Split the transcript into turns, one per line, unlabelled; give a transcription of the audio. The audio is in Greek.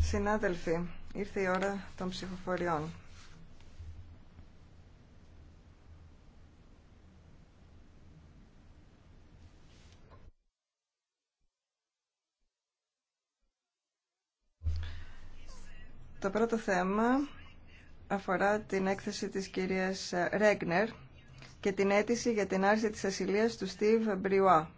Συνάδελφοι, ήρθε η ώρα των ψηφοφοριών. Το πρώτο θέμα αφορά την έκθεση της κυρίας Ρέγνερ και την αίτηση για την άρση της ασυλίας του Στίβ Μπριουά.